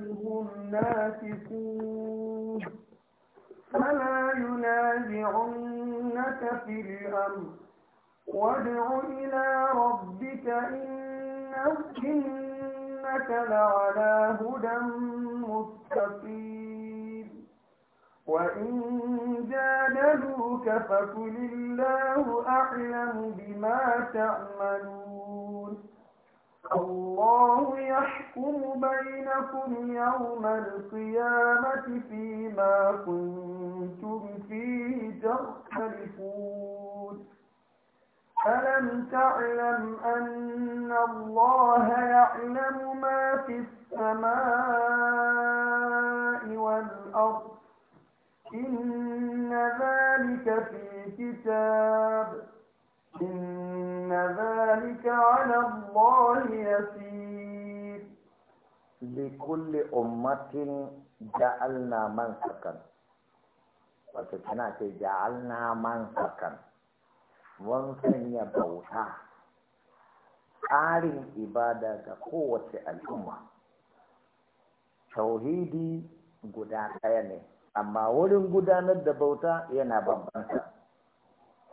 هم ناسكون فلا ينازعنك في الأمر وادع إلى ربك إنك لعلى هدى مستقيم وإن جادلوك فقل الله أعلم بما تعملون الله يحكم بينكم يوم القيامة فيما كنتم فيه تختلفون ألم تعلم أن الله يعلم ما في السماء والأرض إن ذلك في كتاب إن ذلك على الله يسير لكل أمة جعلنا منسكا وتتنا جعلنا منسكا وانسان يبوتا tsarin إبادة قوة الأمة tauhidi guda ɗaya ne amma wurin gudanar da bauta yana bambanta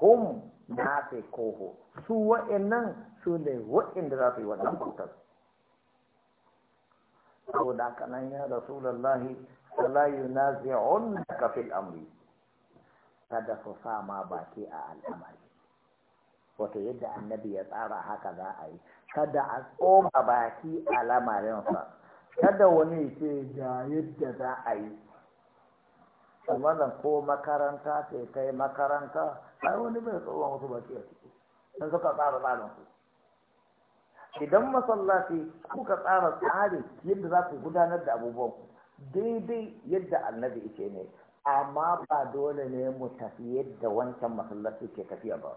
hum na fi koho su wa'annan su ne da za su yi wannan bautar saboda da kanan ya rasulallahi fala ka fi amri kada su sa ma baki a al'amari wato yadda annabi ya tsara haka za a yi kada a tsoma baki a lamarinsa kada wani ce ga yadda za a yi wannan ko makaranta ce kai makaranta ai wani bai tsoron wasu baki a ciki sun suka tsara tsarin ku idan masallaci kuka tsara tsari yadda za ku gudanar da abubuwan ku, daidai yadda annabi ce ne amma ba dole ne mu tafi yadda wancan masallaci ke tafiya ba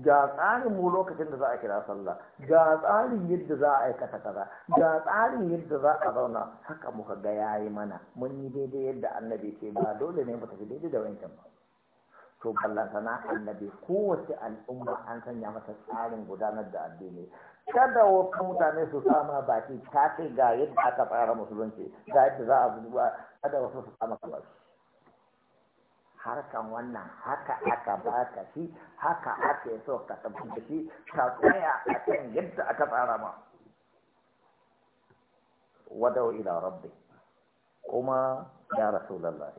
ga tsarin mu lokacin da za a kira sallah ga tsarin yadda za a aikata kaza ga tsarin yadda za a zauna haka muka ga yayi mana mun yi daidai yadda annabi ce ba dole ne mu tafi daidai da wancan ba to ballantana annabi kowace al'umma an sanya mata tsarin gudanar da addini kada wasu mutane su sama baki ta ga yadda aka tsara musulunci ga yadda za a kada wasu su sama kamar harkan wannan haka aka ba ka shi haka ake so ka tafi da shi ka tsaya a kan yadda aka tsara ma wadau ila rabbi kuma ya rasu rasulullah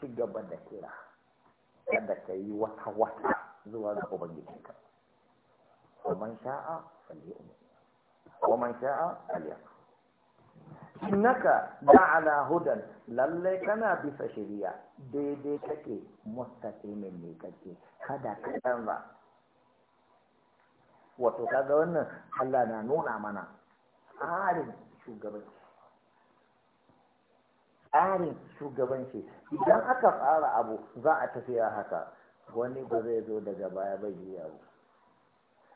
ci gaba da kira kada ka yi wata wata zuwa ga ubangijinka ومن شاء فليؤمن ومن sha'a فليكفر innaka da'ala hudan lalle kana bisa shari'a daidai kake mustaqimin ne kake kada ka canza wato kaga wannan Allah na nuna mana tsarin shugabanci tsarin shugabanci idan aka tsara abu za a tafiya haka wani ba zai zo daga baya ba juya abu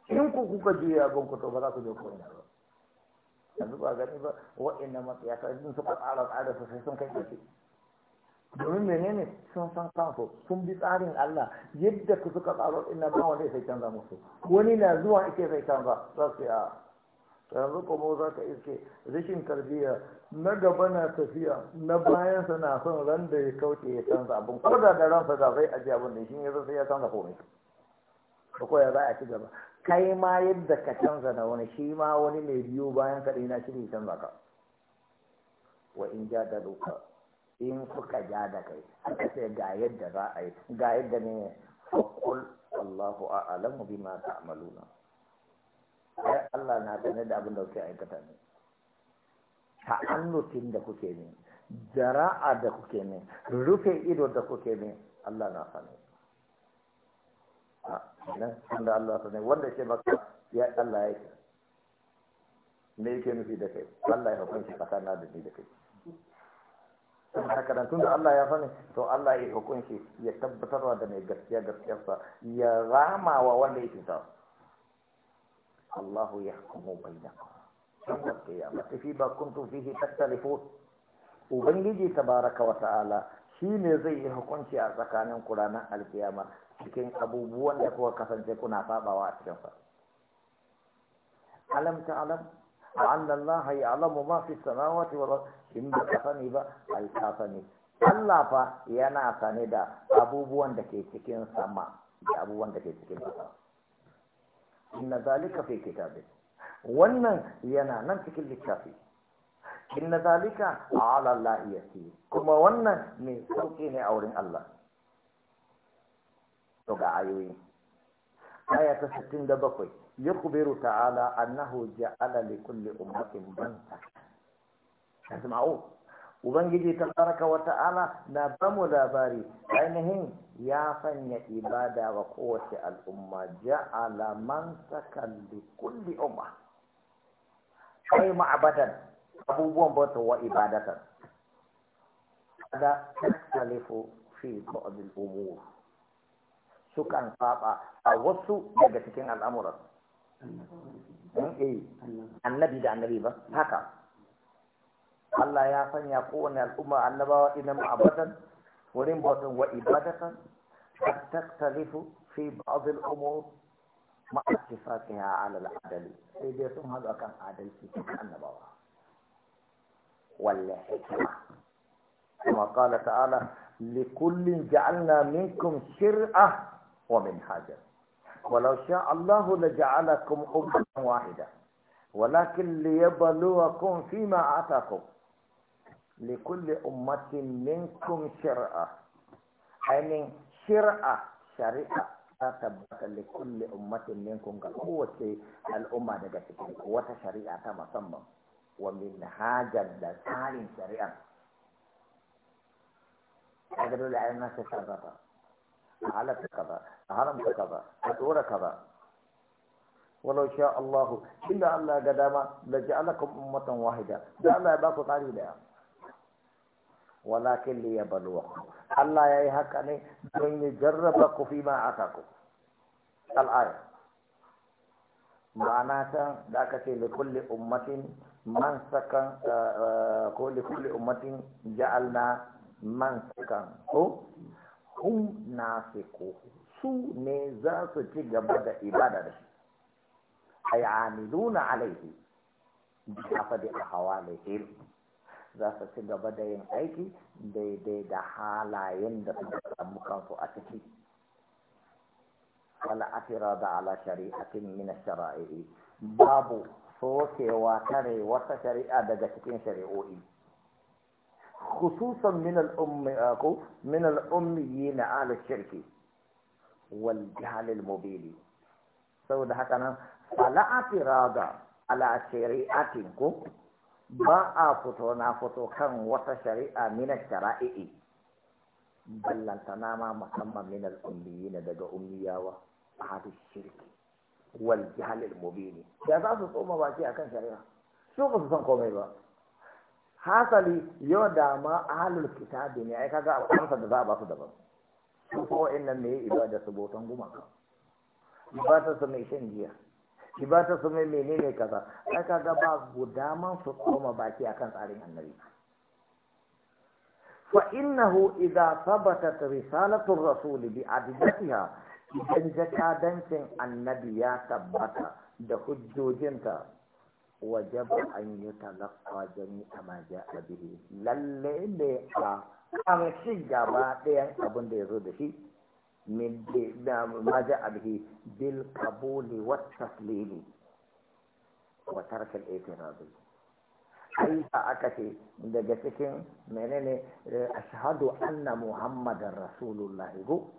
in ku kuka juya abin ku to ba za ku je ko ina ba yanzu ba gani ba waɗannan matsayata idan suka tsara tsara su sai sun kai gaske domin menene sun san kansu sun bi tsarin Allah yadda ku suka tsara ina ba wanda sai canza musu wani na zuwa ike zai canza za su a yanzu kuma za ka iske rashin tarbiyya na gaba na tafiya na bayan sa na son ran da ya kauce ya canza abin ko da da ransa da zai ajiye abin da shi ne zai ya canza komai ko ya za a ci gaba kai ma yadda ka canza na wani shi ma wani mai biyu bayan kaɗai na shi ne canza ka wa in ja da duka in suka ja da kai aka ce ga yadda za a yi ga yadda ne fakul Allahu a'lamu bima ta'maluna ai Allah na sanar da abin da kuke aikata ne ta'annutin da kuke ne jara'a da kuke ne rufe ido da kuke ne Allah na sani. nan wanda Allah ta ne wanda ce maka ya Allah ya Ne me yake nufi da kai Allah ya hukunci tsakanin da ni da kai haka tun da Allah ya sani to Allah ya hukunci ya tabbatar da mai gaskiya gaskiyarsa ya rama wa wanda ya ta Allahu ya hukumu kuma yawmal qiyamah fi ba kuntum fihi tattalifun ubangiji tabaraka wa ta'ala shine zai yi hukunci a tsakanin ku alkiyama cikin abubuwan da kuka kasance kuna sabawa a cikin sa alam alam anna Allah alamu ma fi samawati wal ardi in ba kasani ba ai kasani Allah fa yana sane da abubuwan da ke cikin sama da abubuwan da ke cikin sama inna zalika fi kitabi wannan yana nan cikin littafi inna zalika ala Allah yasi kuma wannan mai sauki ne a wurin Allah to ga aya ta 67 yakbiru ta'ala annahu ja'ala li kulli ummatin banta tasma'u ubangiji tsaraka wa ta'ala na bamu labari ainihin ya sanya ibada wa kowace al'umma ja'ala man sakan umma kai ma’abatan abubuwan bauta wa ibadatan da tasalifu fi ba’adun umuru. sukan saba a wasu daga cikin al'amuran annabi da annabi ba haka Allah ya sanya kowane al'umma annabawa idan abadan wurin bautan wa ibadatan taktalifu fi قد تختلف في بعض الأمور مع sai dai sun سيديتهم هذا adalci عدل annabawa النبوة والحكمة kuma قال ta'ala لكل جعلنا منكم شرعة ومن حجر ولو شاء الله لجعلكم أمة واحدة ولكن ليبلوكم فيما آتاكم لكل أمة منكم شرعة يعني شرعة شريعة تثبت لكل أمة منكم قوة الأمة نجاتكم قوة شريعة مصمم ومن حاجة لسال شريعة أقدر لأن الناس تشرطها a halatta kaza a haramta kaza a tsora kaza walau sha Allahu inda Allah ga dama la ja'alakum ummatan wahida da Allah ya ba ku tsari daya walakin li yabluwakum Allah yayi haka ne don ya jarraba ku fi ma ataku al-aya ma'ana ta da aka ce li kulli ummatin man sakan eh, eh, ko li kulli ummatin ja'alna man sakan ko hum nasiku su ne za su ci gaba da ibada da shi ay amiluna alaihi bi afadi ahwalihim za su ci gaba da yin aiki daidai da halayen da suka samu kansu a ciki wala afira da ala shari'atin mina shara'i babu sokewa tare wata shari'a daga cikin shari'o'i خصوصا من الأم أكو من الأميين على الشرك والجهل المبين سود هكذا فلا اعتراض على شريعتكم ba a fito na fito kan wata shari'a mina shari'i ballanta nama musamman min al'ummiyi na daga ummiyawa a hadis shirki wal jahal al mubini ya za su tsoma baki akan shari'a su ba san komai ba hasali yau da ma ahalul kitabi ne ai kaga amsa da za a ba su daban su ko innan ne ibada su botan gumaka ibada su mai shan giya ibada su mai menene kaza ai kaga ba dama su koma baki akan tsarin annabi fa innahu idza thabatat risalatu rasul bi adidatiha idan jakadancin annabi ya tabbata da hujjojinta wajaba an yi talakwa jami a maja a biyu lalle ne a kamshi gaba ɗayan abin da ya zo da shi maja a bihi bil kabuli wa taslimi wa ake rabu ai ba aka ce daga cikin menene ashhadu anna muhammadar rasulullahi go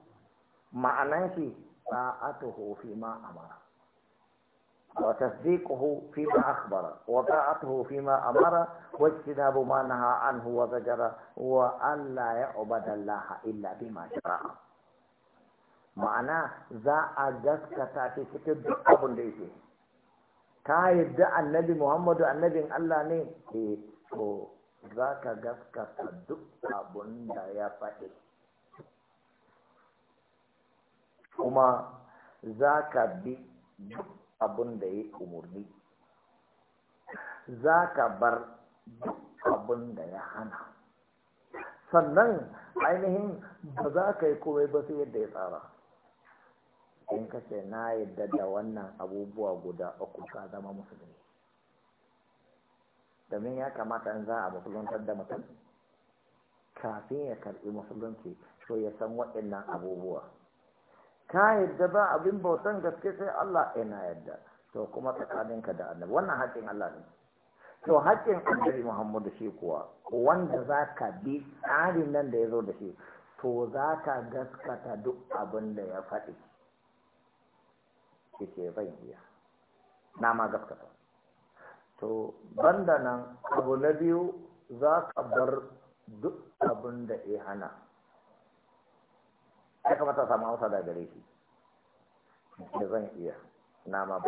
ma'anan shi ba a tuhofi ma amara وتصديقه فيما أخبر وطاعته فيما أمر واجتناب ما نهى عنه وزجر وأن لا يعبد الله إلا بما شرع ma'ana za a gaskata shi cikin duk abin da yake ka yadda annabi muhammadu annabin allah ne eh to za ka gaskata duk abin da ya faɗi kuma za ka bi duk abin da ya umarni za ka bar duk abin da ya hana sannan ainihin ba za ka yi komai ba sai yadda ya tsara in ka ce na yadda da wannan abubuwa guda uku ka zama musulmi domin ya kamata in za a musuluntar da mutum kafin ya karɓi musulunci so ya san waɗannan abubuwa ka yadda ba abin bautan gaske sai Allah yana eh, yadda to kuma tsakaninka da annabi wannan haƙƙin Allah ne to haƙƙin annabi Muhammadu shi kuwa wanda za ka bi tsarin nan da ya zo da shi to za gaskata duk abin da ya faɗi kike zan iya na ma gaskata to banda nan abu na biyu za ka bar duk abin da ya hana ya kamata samu amsa da gare shi da zan iya na ma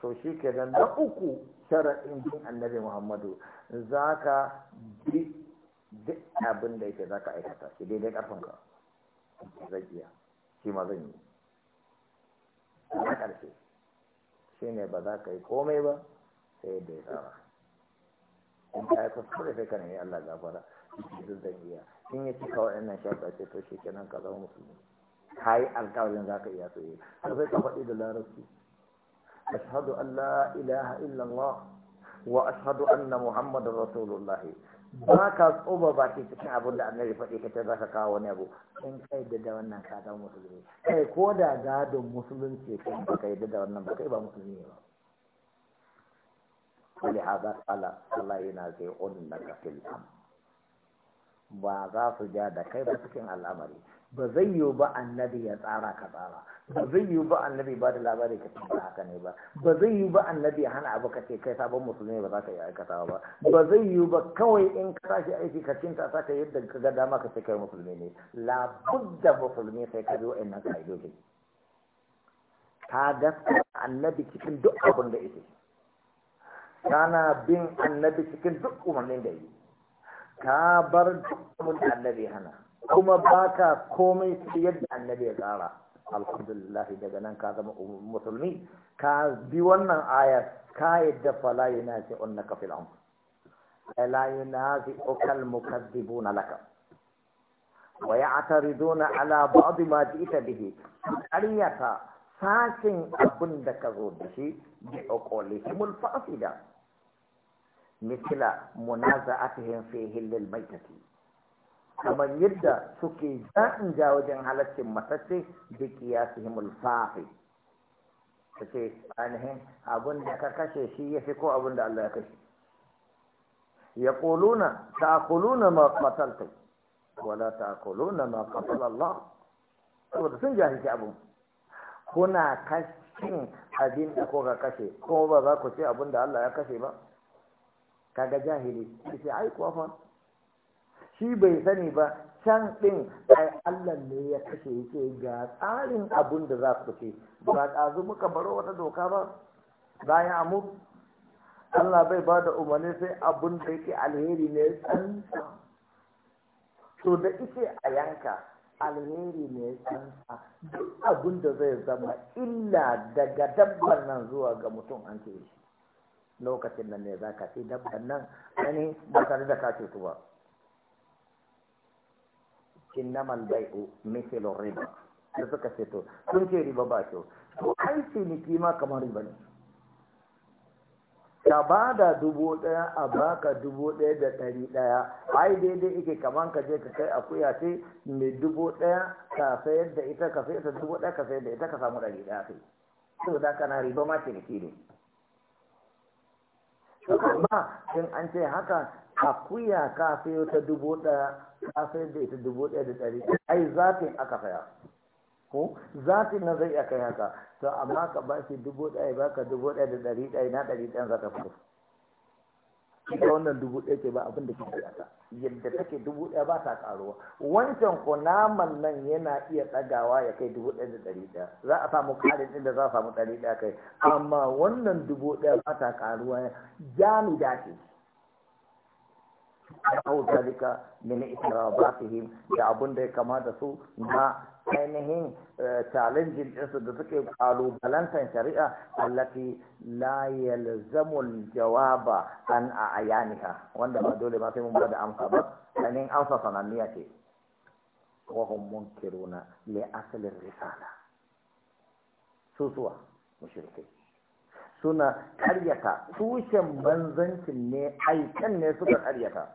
to shi ke nan na uku sharaɗin injin annabi muhammadu za ka bi duk abin da yake za ka aikata shi daidai ƙarfinka zan iya shi ma zan yi na ƙarshe shi ne ba za ka yi komai ba sai yadda ya tsara in ka yi kuskure sai ka nemi allah gafara duk in ya waɗannan shafa ce to shi kenan ka zama musulmi ka yi alƙawarin za ka iya soye har sai ka faɗi da larabci an la ilaha illallah wa anna muhammadu rasulullah ba ka tsoba cikin abin da annabi faɗi ka ce za ka kawo wani abu in ka yadda da wannan ka zama musulmi kai ko da gadon musulunci ka yadda da wannan ba kai ba musulmi ba ولهذا قال الله ينازعنك في الامر ba za su ja da kai ba cikin al'amari ba zai yiwu ba annabi ya tsara ka tsara ba zai yiwu ba annabi ba da labari ka tsara haka ne ba ba zai yiwu ba annabi ya hana abu ka ce kai sabon musulmi ba za ka yi aikata ba ba zai yiwu ba kawai in ka tashi aiki ka cinta sa ka yadda ka ga dama ka ce kai musulmi ne da musulmi sai ka bi wa'annan ka'idoji ta gaskata annabi cikin duk abin da ita kana bin annabi cikin duk umarnin da yi ka bar mun annabi hana kuma ba ka komai su yadda annabi ya tsara alhamdulillah daga nan ka zama um-, musulmi ka bi wannan aya ka yadda fala yunafi annaka fil amr la yunafi ukal mukaddibuna laka wa ya'tariduna ala ba'd ma ji'ta bihi aliyata sashin abin da ka zo da shi bi uqulihimul fasida misila munaza'atihim fi hillil maitati kamar yadda suke ja'in ja wajen halaccin matacce da qiyasihim al-fahi kace ainihin abin da ka kashe shi yafi ko abin da Allah ya kashe yaquluna ta'kuluna ma qataltum wala ta'kuluna ma qatala Allah saboda sun jahilci abin kuna kashin abin da ko ka kashe ko ba za ku ce abin da Allah ya kashe ba kaga jahili sai ai kuwa fa shi bai sani ba can ɗin ai Allah ne ya kashe yake ga tsarin abun da za ku ce ba zo muka baro wata doka ba bayan amur Allah bai ba da umarni sai abun da yake alheri ne tsansa to da ike a yanka alheri ne tsansa duk abun da zai zama illa daga dabban nan zuwa ga mutum an ce shi lokacin nan ne za ka ce dabban nan wani ba tare da ka cutu ba innamal bai'u mithlu riba da suka ce to sun ce riba ba kyau to ai ciniki ma kamar riba ne ka ba da dubu ɗaya a baka dubu ɗaya da ɗari ɗaya ai daidai ike kaman ka je ka kai akuya ce mai dubu ɗaya ka sayar da ita ka sayar da dubu ɗaya ka sayar da ita ka samu ɗari ɗaya sai to kana riba ma ciniki ne amma in an ce haka akuya ka sayo ta dubu ɗaya ka sayar da ita dubu ɗaya da ɗari ai zafin aka saya ko zafin na zai iya kai haka to amma ka ba shi dubu ɗaya ba ka dubu ɗaya da ɗari ɗaya na ɗari ɗaya za ka fito ita wannan dubu ɗaya ce ba abin da ke yadda take dubu ɗaya ba ta ƙaruwa wancan ko naman nan yana iya ɗagawa ya kai dubu ɗaya da ɗari ɗaya za a samu ƙarin inda za a samu ɗari ɗaya kai amma wannan dubu ɗaya ba ta ƙaruwa jami dace ba ذلك من da abin ya ya kamata su na. ainihin eh, challenging ɗinsu da suke ƙalubalantar shari'a allati la yalzamul jawaba an a ayaniha wanda ba dole ba sai mun bada amsa ba ainihin amsa sananniya ce wa hum munkiruna li asalin risala susuwa mushrikai suna karyata tushen banzancin ne aikan ne suka karyata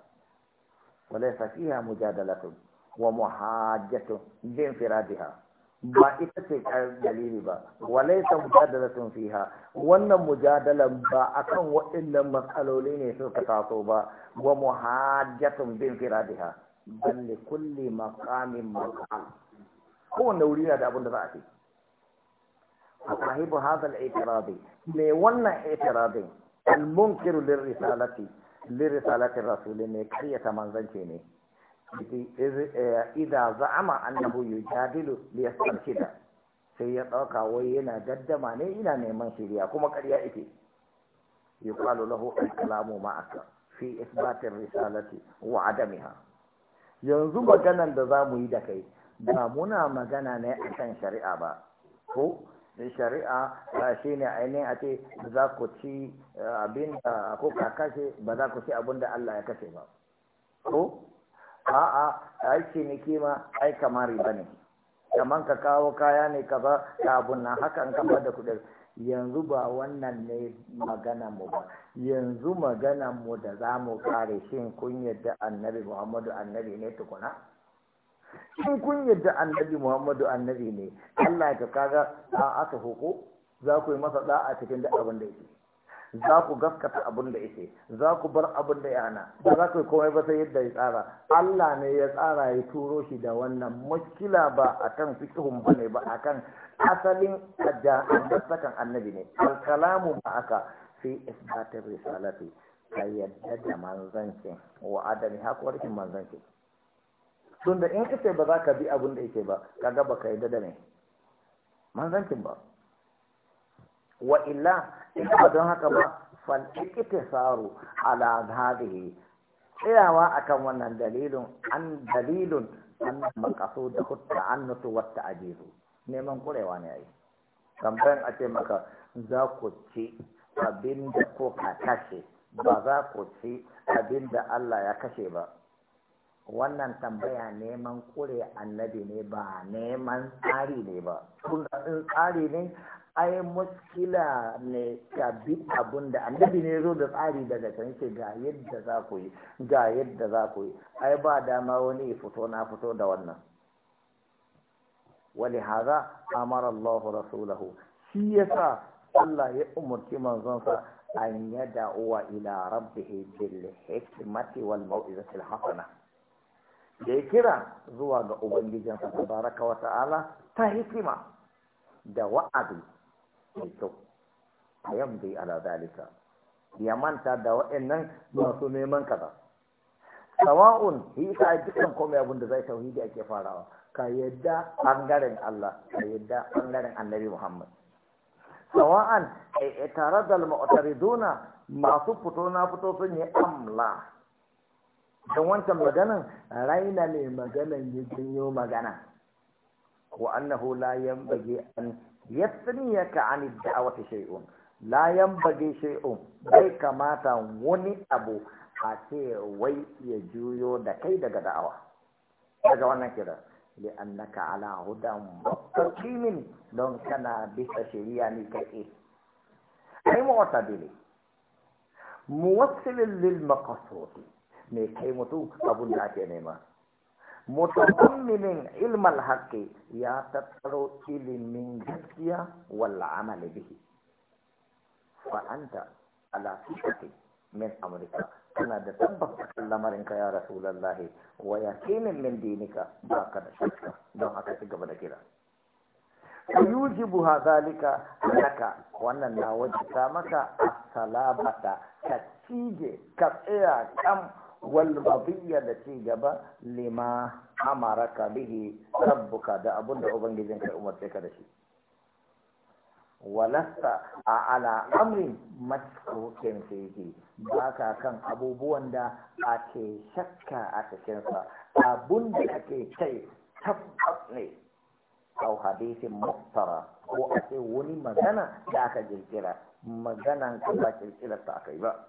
walaysa fiha mujadalatun wa muhajjatu bin firadiha ba ita ce dalili ba walaisa mujadalatun fiha wannan mujadalan ba akan waɗannan matsaloli ne suka taso ba wa muhajjatun bin firadiha bal li kulli maqamin maqam kowanne wuri da abin da za a ce صاحب هذا الاعتراض لولا اعتراض المنكر للرسالة لرسالة الرسول ne karyata manzanci ne idza za'ama annahu yujadilu liyastarshida sai ya dauka wai yana daddama ne ina neman shiriya kuma ƙarya yake yuqalu lahu al-kalamu ma'aka fi isbatir risalati wa adamiha yanzu maganan da zamu yi da kai ba muna magana ne kan shari'a ba ko shari'a shi ne ainihin a ce za ku ci abin da ko ka kashe ba za ku ci abin da Allah ya kashe ba ko a'a aiki ne ma ai kamar riba ne kaman ka kawo kaya ne ka ba abun nan hakan ka ba da kuɗi. yanzu ba wannan ne magana mu ba yanzu magana mu da zamu kare shin kun yadda annabi muhammadu annabi ne tukuna Shin kun yadda annabi muhammadu annabi ne allah ka kaga a aka hoko za ku yi masa da'a cikin da abin da yake za ku gaskata abin da yake za ku bar abin da ya hana ba za ku yi komai ba sai yadda ya tsara Allah ne ya tsara ya turo shi da wannan mushkila ba akan fikihun ba ne ba akan asalin sakan annabi ne alkalamu ba aka fi isbatar risalati ka yadda da manzancin wa adami manzanci. manzancin tunda in kace ba za ka bi abin da yake ba kaga ba ka yadda da ne manzancin ba wa illa ba don haka ba fal iktisaru ala hadhihi tsayawa akan wannan dalilun, an dalilun an makaso da hutta annutu wa ta'jizu neman kurewa ne ai tambayan a ce maka za ku ci abin da ko ka kashe ba za ku ci abin da Allah ya kashe ba wannan tambaya neman kure annabi ne ba neman tsari ne ba tun da tsari ne ai muskila ne ka bi abun da annabi ne zo da tsari daga can ce ga yadda za ku yi ga yadda za ku yi ai ba dama wani ya fito na fito da wannan Wani haza amara Allahu rasulahu shi yasa Allah ya umarci manzonsa an yada uwa ila rabbihi bil hikmati wal mau'izati al hasana da ya kira zuwa ga ubangijinsa tabaraka wa ta'ala ta hikima da wa'azi mai kyau a yamdi ala dalika ya manta da waɗannan eh, masu neman kaza sawa'un yi ka komai abin da zai tauhidi ake farawa ka yadda bangaren Allah ka yadda bangaren Annabi Muhammad sawa'an eh, eh, tare da mu'tariduna masu fito na fito sun yi amla don wancan maganan raina ne maganan ya janyo magana wa annahu la yanbaghi an yasniyaka an da'awati shay'un la yanbaghi shay'un bai kamata wani abu a ce wai ya juyo da kai daga da'awa daga wannan kira annaka ala hudan mustaqimin don kana bisa shari'a ne kai ai mu'tadili muwassilin lil maqasudi me kai mutu abun da ake nema mutakammimin ilmal haqqi ya tattaro ilimin gaskiya wal amali bihi fa anta ala sifati min amrika kana da tabbata lamarin ka ya rasulullah wa yaqinin min dinika ba ka da shakka don haka ci gaba da kira yujibu hadhalika laka wannan na wajita maka as-salabata ka cije ka tsaya kam walbabiyyar da ci gaba lima ka bihi rabbuka da abun da ubangijin kai umarce ka da shi walasta a ala amrin maskukin fiye ba ka kan abubuwan da ake shakka a cikinsa abun da ake kai tabbas ne au hadisin ko a ce wani magana da aka ƙirƙira maganan ka ba jirgirar ta aka yi ba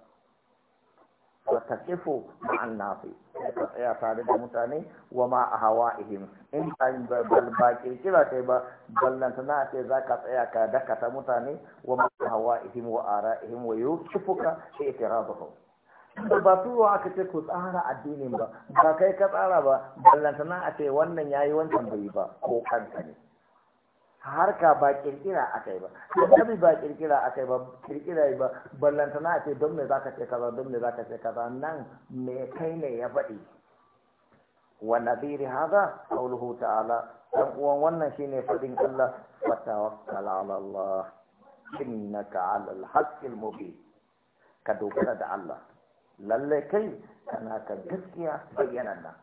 wa taqifu ma'an nasi ka tsaya tare da mutane wa ma ahwa'ihim in an bal ba kirkira kai ba ballan tana ce ka tsaya ka dakata mutane wa ma ahwa'ihim wa ara'ihim wa yukifuka i'tiraduhum ba turo aka ce ku tsara addinin ba ba kai ka tsara ba ballantana a ce wannan yayi wancan bai ba ko kanka ne harka ba kirkira akai ba annabi ba kirkira akai ba kirkira ba ballantana a ce don me zaka ce kaza don me zaka ce kaza nan me kai ne ya faɗi wa nadiri hada qawluhu ta'ala dan uwan wannan shine fadin Allah wa tawakkal ala Allah innaka ala al-haqqi mubin ka dogara da Allah lalle kai kana ka gaskiya bayyana nan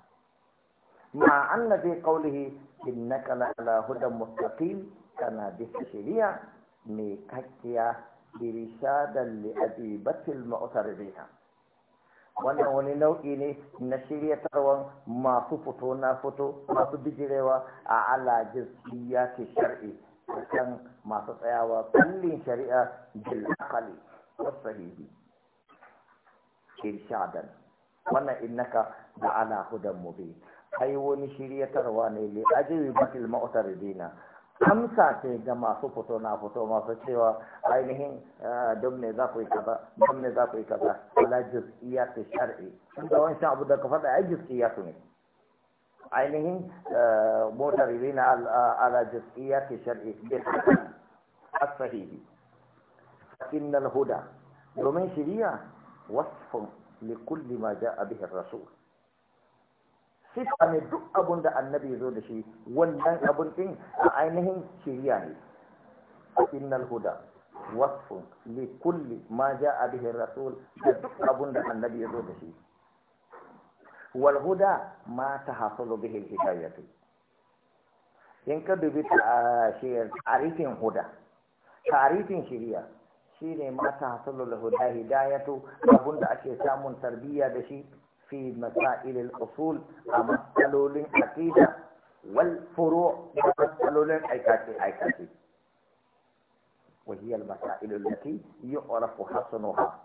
ma annabi qawlihi innaka la ala hudan mustaqim kana bisa shari'a mai kakkiya irshadan li abibatil mu'taridina wannan wani nau'i ne na shirya shiryatarwan masu fito na fito masu bijirewa a ala jizkiya ke shar'i kan masu tsayawa kullin shari'a bil aqali wasahihi irshadan wannan innaka da ala hudan mubin ai wani shiryatarwa ne li ajri batil mu'taridina amsa ce ga masu fito na fito masu cewa ainihin eh, don ne za ku yi kaza don za ku yi kaza wala jiz'iyya ta shar'i sun da wani abu da ka faɗa ai jiz'iyya su ne ainihin eh, motar irina eh, ala iya ta shar'i A cikin nan huda domin shiriya wasfun li kulli ma a bihi rasul sifa ne duk abun da annabi zo da shi wannan abun din a ainihin shiriya ne innal huda wasfun li kulli ma jaa bihi rasul da duk abun da annabi zo da shi wal huda ma tahassalu bihi hidayatu in ka dubi tarifin huda tarifin shiriya shine ma tahassalu al huda hidayatu abun da ake samun tarbiyya da shi في مسائل الأصول أمثل للعقيدة والفروع أمثل للعقيدة عكاكي وهي المسائل التي يعرف حسنها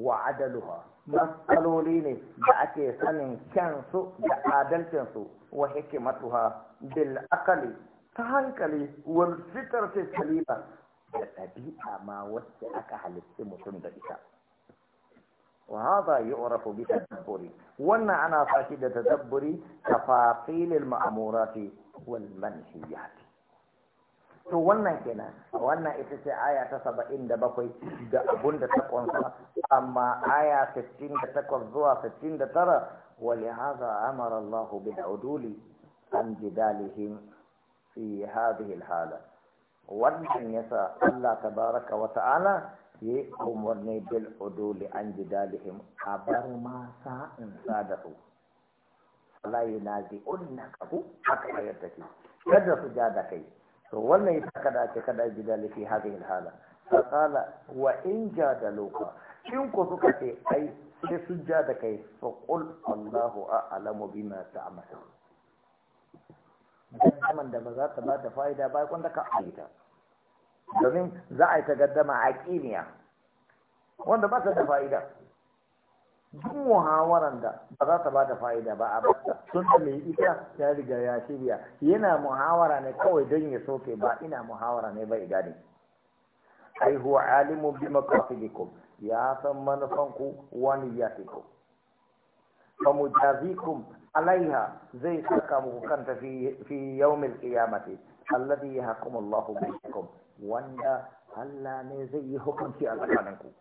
وعدلها مسألولين بأكي سنن كنسو بآدل كنسو وحكمتها بالأقل تهنكلي والفكرة السليمة بأبيع ما وسعك على السمو halitta وهذا يعرف بالتدبر وأن أنا فاشد تدبر تفاصيل المأمورات والمنهيات to wannan kenan wannan ita ce aya ta saba'in da bakwai da abun da ta ƙunsa amma aya sittin da takwas zuwa sittin da tara wali haza amara Allahu bil uduli an dalihin fi hadhihi hala wannan yasa Allah tabaraka wa ta'ala yi umarni bil uduli an jidalihim a bar ma in sa da su Allah yi na ji unna ku haka ayar take kada su ja da kai to wannan yi saka da ake kada jidali fi hadhihi alhala fa qala wa in ja da loka in ku suka ce ai sai su ja da kai fa qul Allahu a'lamu bima ta'malun dan da ba za ta ba da fa'ida ba da ka aita domin za a yi tagaddama a kimiyya wanda ba ta da fa'ida duk muhawarar da ba za ta ba ta fa'ida ba a basta sun da mai ita ya riga ya shirya yana muhawara ne kawai don ya soke ba ina muhawara ne ba igadi ai huwa alimu bi maqasidikum ya san manufanku wani ya niyyatikum fa mujazikum alaiha zai saka muku kanta fi fi kiyamati qiyamati alladhi yahkumu Allahu bainakum wanda Allah ne zai yi hukunci a tsakaninku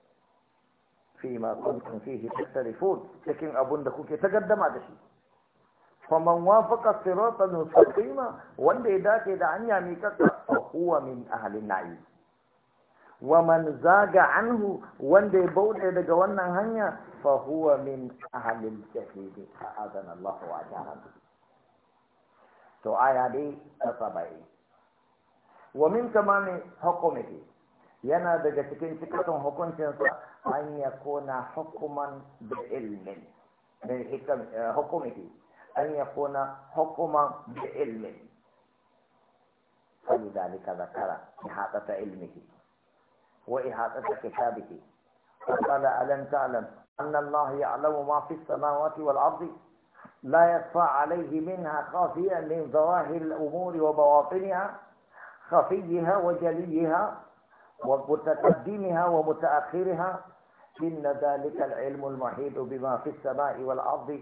fi ma kuntum fihi tastarifun cikin abun da kuke tagaddama da shi faman wafaqa siratan mustaqima wanda ya dace da hanya mai kakka huwa min ahli na'i wa man zaga anhu wanda ya bauɗe daga wannan hanya fa huwa min ahlil jahili a'adana Allahu wa to aya dai ta sabai ومن min حكمه ينا yana daga cikin cikakken hukuncinsa an ya kona hukuman حكمه أن يكون حكما an فلذلك ذكر إحاطة علمه وإحاطة كتابه فقال ألم تعلم أن الله يعلم ما في السماوات والأرض لا يخفى عليه منها خافيا من ظواهر الأمور وبواطنها خفيها وجليها ومتقدمها ومتأخرها إن ذلك العلم المحيط بما في السماء والأرض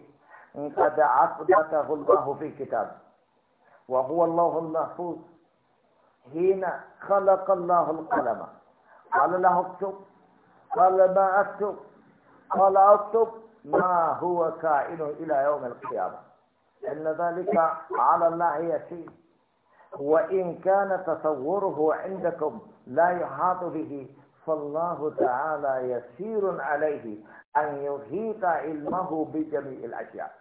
قد عقدته الله في كتاب وهو الله المحفوظ حين خلق الله القلم قال له اكتب قال ما اكتب قال اكتب ما هو كائن إلى يوم القيامة إن ذلك على الله يسير وإن كان تصوره عندكم لا يحاط به فالله تعالى يسير عليه أن يحيط علمه بجميع الأشياء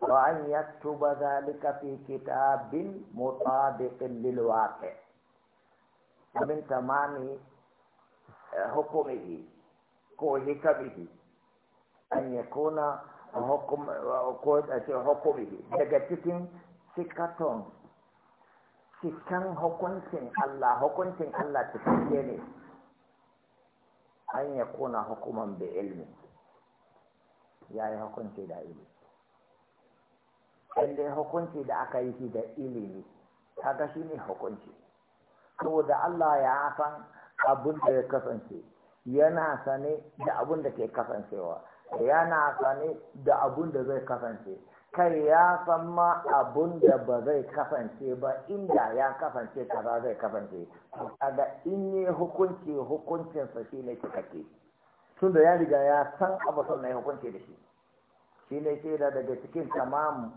وأن يكتب ذلك في كتاب مطابق للواقع من تمام آه، حكمه به أن يكون حكم آه، حكمه دقتكم سكتون Cikin hukuncin Allah hukuncin Allah cikakke ne an ya kuna hukuman bi ilmi ya yi hukunci da ilimi inda hukunci da aka yi da ilimi kaga shi ne hukunci saboda Allah ya san abin da ya kasance yana sane da abin da ke kasancewa yana sane da abin da zai kasance Kai ya san ma abun da ba zai kasance ba inda ya kasance kaza zai kasance kaga in yi hukunci hukuncinsa shi ne ke tun da ya riga ya san abu sannan hukunci da shi shi ne ce da daga cikin tamam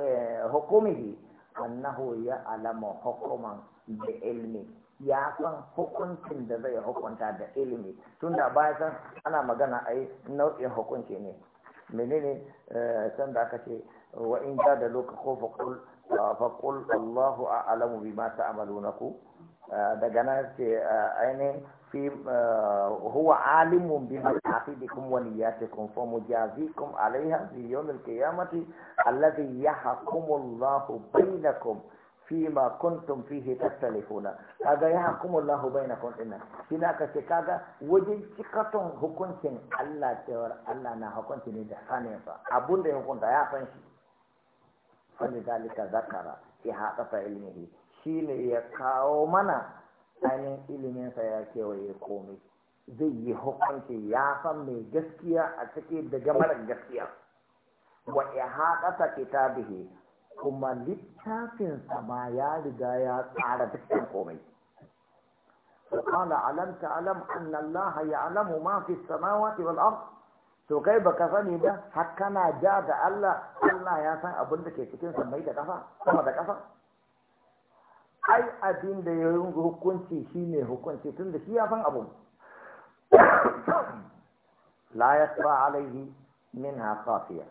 eh, hukumihi annahu ya alama hukuman da ilmi ya san hukuncin da zai hukunta da ilimi tunda bayan ana magana a yi nau'in hukunci ne menene eh, san da aka ce wa in ja da loka ko faƙul faƙul Allahu a'lamu bima ta'maluna ku eh, daga nan ce eh, ainihin fi huwa alimun bi maqasidikum wa niyyatikum fa mujazikum alaiha fi yawmil qiyamati alladhi yahkumu Allahu bainakum fima kuntum fihi tattalifuna kaga ya hukumu Allahu bainakum din nan shine aka ce kaga wajen cikatun hukuncin Allah cewa Allah na hukunci ne da sanin sa abun da ya hukunta ya san shi wani dalika zakara ya haɗa ilmihi ne ya kawo mana ainihin ilimin sa ya kewaye komai zai yi hukunci ya san mai gaskiya a cikin da mara gaskiya wa ihaqata kitabihi kuma littafinsa ma ya riga ya tsara dukkan komai وقال ألم تعلم أن الله يعلم ما في السماوات والأرض to kai baka sani ba har kana ja da Allah Allah ya san abin da ke cikin sammai da ƙasa sama da ƙasa ai abin da ya yi hukunci shine hukunci tunda shi ya san abun la yasfa alaihi minha khafiya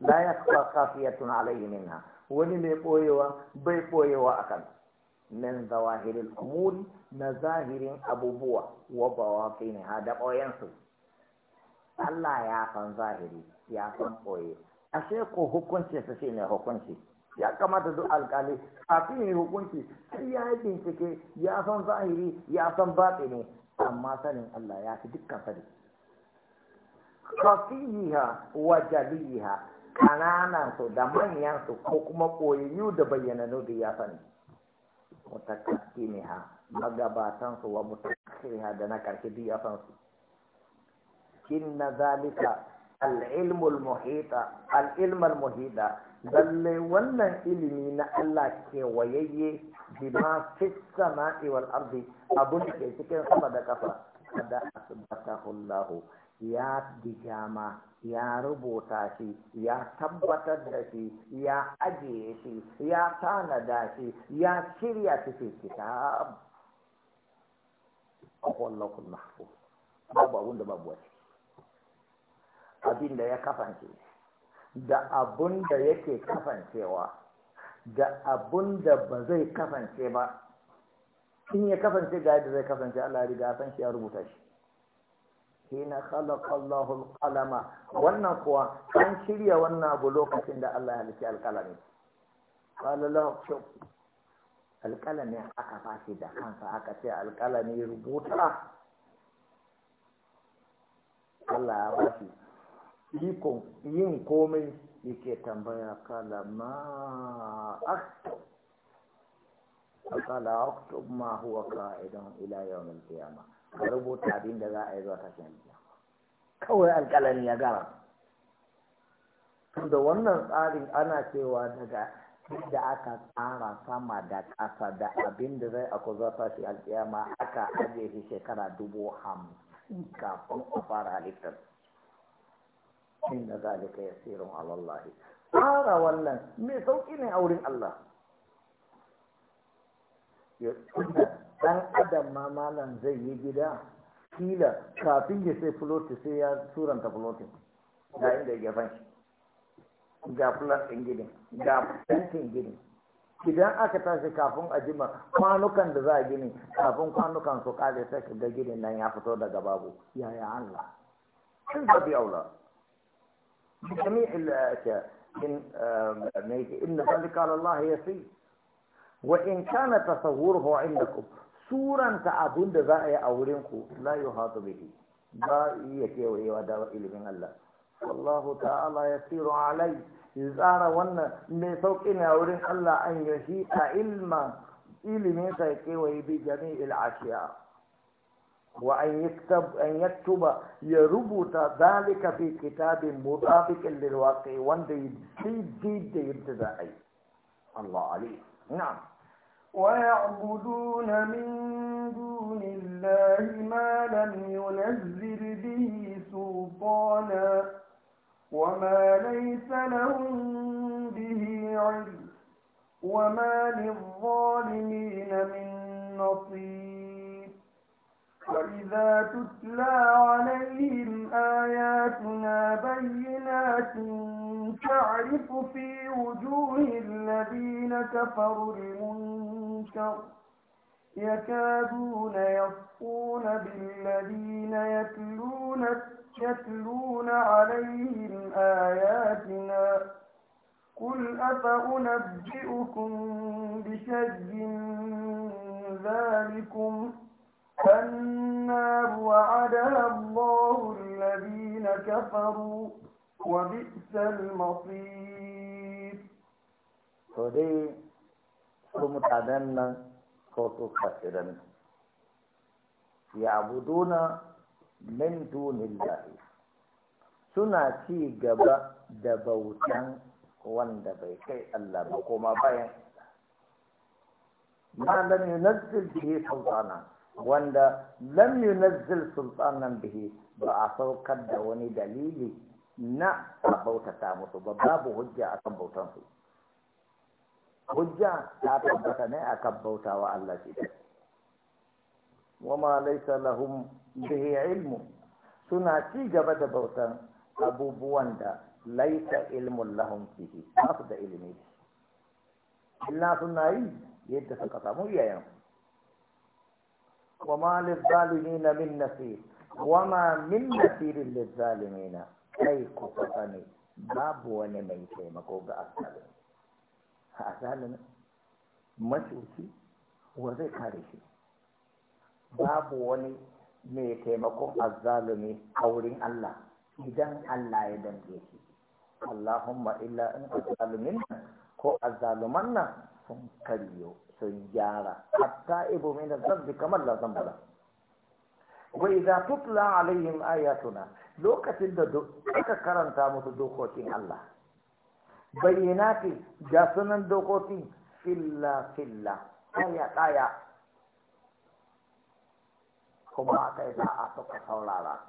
la yasfa khafiyatun alaihi minha wani mai ɓoyewa bai ɓoyewa a kan min zawahirin umuri na zahirin abubuwa wa bawa fi ne ha ɓoyensu Allah ya san zahiri ya san ɓoye ashe ko hukunci su shi hukunci ya kamata duk alkali kafin yi hukunci sai ya yi bincike ya san zahiri ya san baɗi ne amma sanin Allah ya fi dukkan sani kafiyiha wa jaliyiha ƙananansu da manyansu ko kuma koyayyu da bayyananu da ya sani ne ha? magabatansu wa ha da na karshe biya sansu kin na zalika al muhida, zalle wannan ilimi na Allah ke wayayye bima fi sama'i wal ardi abun da ke cikin sama da kafa kada asbatahu Allah ya dijama ya rubuta shi ya tabbatar da shi ya ajiye shi ya tanada shi ya shirya shi kitab Allahul mafi babu abin da babu wani abin da ya kafance da abin da yake kafancewa da abin da ba zai kafance ba in ya kafance ga yadda zai kafance Allah ya riga san shi ya rubuta shi hina khalaqa Allahu al-qalama wannan kuwa an shirya wannan abu lokacin da Allah ya halice alƙalami qala lahu shuf alƙalami aka fashi da kansa aka ce alƙalami rubuta Allah ya bashi iko yin komai yake tambaya kala ma aktub qala aktub ma huwa ka'idan ila yawm al-qiyamah ka rubuta abin da za a yi zuwa ta kawai alƙalami ya gara da wannan tsarin ana cewa daga da aka tsara sama da ƙasa da abin da zai ako zuwa tashi alƙiyama aka ajiye shi shekara dubu hamsin kafin a fara halittar inda zalika A alallahi tsara wannan mai sauƙi ne a wurin Allah ɗan adam ma malam zai yi gida kila kafin ya sai fuloti sai ya suranta fulotin ga inda ya gafan shi ga fulan ɗin ga fentin gidin idan aka tashi kafin a jima kwanukan da za a gini kafin kwanukan su kare sai ka ga ginin nan ya fito daga babu yaya Allah eh, in ba bi aula jami'i in ke inna zalika ala Allah yasi wa in kana tasawwuruhu indakum suranta abun da za a yi a wurin ku la yuhatu bihi ba iya kewayewa da ilimin Allah wallahu ta'ala yasiru alai tsara wannan mai sauƙi ne a wurin Allah an yi shi a ilma ilimin sa kewaye bi jami'il ashiya wa an yaktab an yaktuba ya rubuta zalika fi kitabin mutafiqin lil waqi wanda yi daidai da yadda za a yi Allah alai na'am ويعبدون من دون الله ما لم ينزل به سلطانا وما ليس لهم به علم وما للظالمين من نصير وإذا تتلى عليهم آياتنا بينات تعرف في وجوه الذين كفروا المنكر المنكر يكادون يفقون بالذين يتلون يتلون عليهم آياتنا قل أفأنبئكم بشر من ذلكم النار وعدها الله الذين كفروا وبئس المصير ko mutanen nan ko su fasiran ya abuduna min dunillahi suna ci gaba da bautan wanda bai kai Allah ba kuma bayan ma lam yunazzil bihi sultana wanda lam yunazzil sultanan bihi ba a saukar da wani dalili na a bautata musu ba babu hujja akan bautansu hujja ta tabbata ne kan bautawa Allah shi wama laisa lahum bihi ilmu suna ci gaba da bautan abubuwan da laisa ilmun lahum fihi ba su da ilimi illa suna yi yadda suka samu iyayen wama na min nasir wama min nasirin lizzalimina kai ku ne, babu wani mai taimako ga asalin a zalimin macuci wa zai kare shi babu wani mai taimakon azzalumi a wurin Allah idan Allah ya dange shi Allahumma illa in azzalumin nan ko azzaluman nan sun karyo sun gyara hatta ibu nazar da kamar la bala wa idza tutla alaihim ayatuna lokacin da aka karanta musu dokokin Allah bayyanati da sunan dokoki filla filla ɗaya ɗaya kuma aka yi za a suka saurara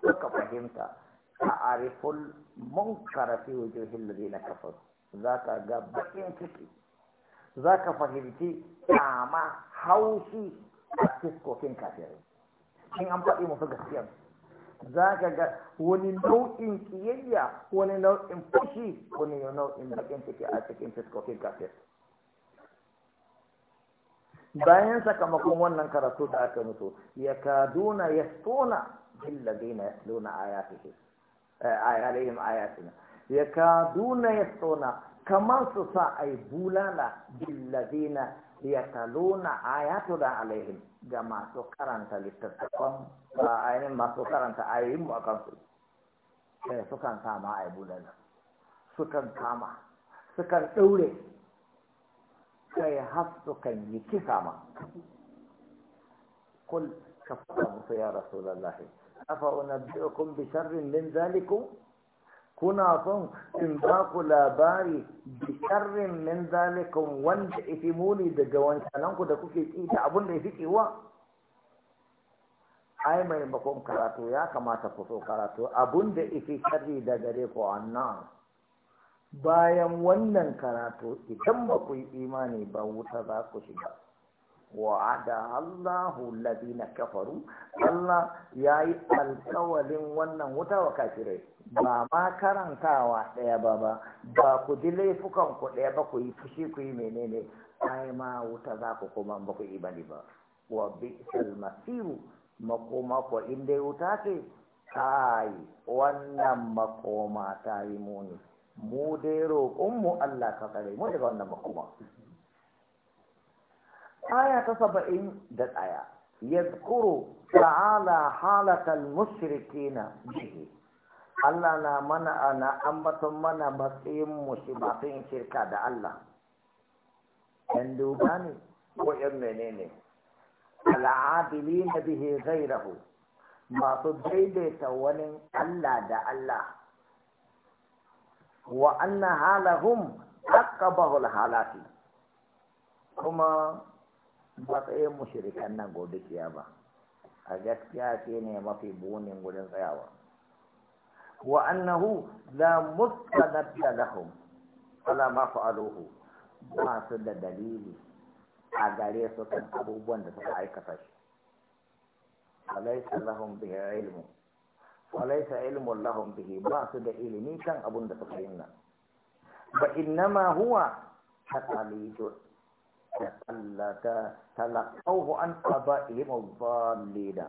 suka fahimta ta ariful mun karafi wajen hillari na za ka ga bakin ciki za ka fahimci kama haushi a fiskokin kafirin in an faɗi musu gaskiyar za ka ga wani nau'in kiyayya wani nau'in fushi wani nau'in bakin ciki a cikin fiskokin kafir bayan sakamakon wannan karatu da aka mutu ya kaduna ya tona dina ya tona ayatihi eh, ayatina ya kaduna ya tona kamar su sa ai bulala billadina yataluna ayatuna alaihim ga masu karanta littattafan ba ainihin masu karanta ayoyin mu akan su sai eh, sukan kama a su sukan kama sukan ɗaure kai har kan yi kisa ma kul ka musu ya rasulullahi afa unabbi'ukum bi sharrin min zalikun kuna son in ba ku labari bikarrin sharrin min zalikum wanda ifi muni daga wancanan ku da kuke kita abin da yafi kewa ai maimakon karatu ya kamata ku so karatu abun da ifi karri da gare ku annan bayan wannan karatu idan ba ku yi imani ba wuta za ku shiga wa'ada Allahu ladina kafaru Allah yayi alkawalin wannan wuta wa kafirai ba ma karantawa ɗaya ba ba ba ku ji laifukan ku ɗaya ba ku yi fushi ku yi menene ai ma wuta za ku koma ba ku yi bani ba wa bi salmasiru makoma ko in dai wuta ce kai wannan makoma ta yi muni mu dai roƙonmu Allah ka tsare mu daga wannan makoma aya ta saba'in da tsaya yadkuru ta'ala halatal mushrikina bihi Allah na mana ana ambaton mana matsayin mu shi shirka da Allah Yan duba ne ko 'yan menene al'adili na bihe rahu. masu daidaita wani Allah da Allah wa anna halahum bahu halati kuma matsayin mushirikan nan gobe ba. a gaskiya ce ne mafi bunin wurin tsayawa وأنه لا مستند لهم فلا ما فعلوه ما سد دليل أجاري سكن أبو بند سكاي كتاش فليس لهم به علم وليس علم لهم به ما سد علمي كان أبو بند سكاينا وإنما هو تقليد تلقوه عن آبائهم الضالين